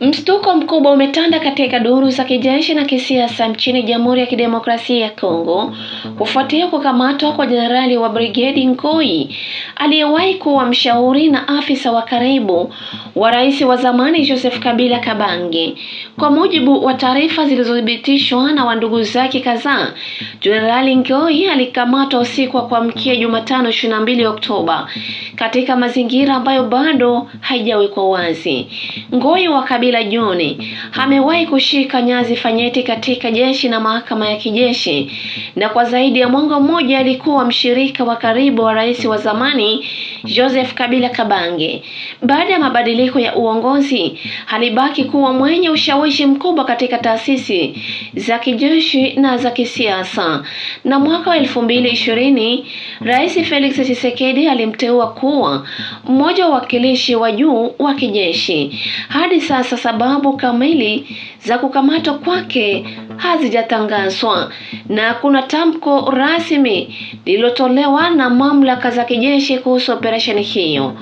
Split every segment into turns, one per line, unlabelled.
Mshtuko mkubwa umetanda katika duru za kijeshi na kisiasa nchini Jamhuri ya Kidemokrasia ya Kongo kufuatia kukamatwa kwa jenerali wa brigedi Nkoi aliyewahi kuwa mshauri na afisa wa karibu wa rais wa zamani Joseph Kabila Kabange. Kwa mujibu wa taarifa zilizothibitishwa na wandugu zake kadhaa, jenerali Nkoi alikamatwa usiku wa kuamkia Jumatano 22 Oktoba katika mazingira ambayo bado haijawekwa wazi. Nkoi wa Kabila Kabila John amewahi kushika nyazi fanyeti katika jeshi na mahakama ya kijeshi, na kwa zaidi ya mwongo mmoja alikuwa mshirika wa karibu wa rais wa zamani Joseph Kabila Kabange. Baada ya mabadiliko ya uongozi, alibaki kuwa mwenye ushawishi mkubwa katika taasisi za kijeshi na za kisiasa, na mwaka wa elfu mbili ishirini Rais Felix Tshisekedi alimteua kuwa mmoja wa wakilishi wa juu wa kijeshi. Hadi sasa sababu kamili za kukamatwa kwake hazijatangazwa na kuna tamko rasmi lililotolewa na mamlaka za kijeshi kuhusu operesheni hiyo.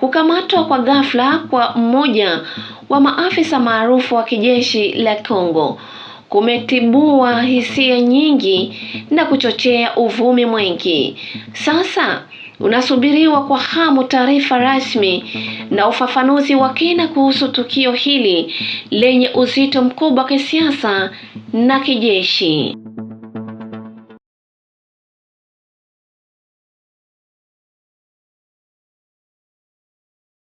Kukamatwa kwa ghafla kwa mmoja wa maafisa maarufu wa kijeshi la Kongo kumetibua hisia nyingi na kuchochea uvumi mwingi. Sasa unasubiriwa kwa hamu taarifa rasmi na ufafanuzi wa kina kuhusu tukio hili lenye uzito mkubwa kisiasa na kijeshi.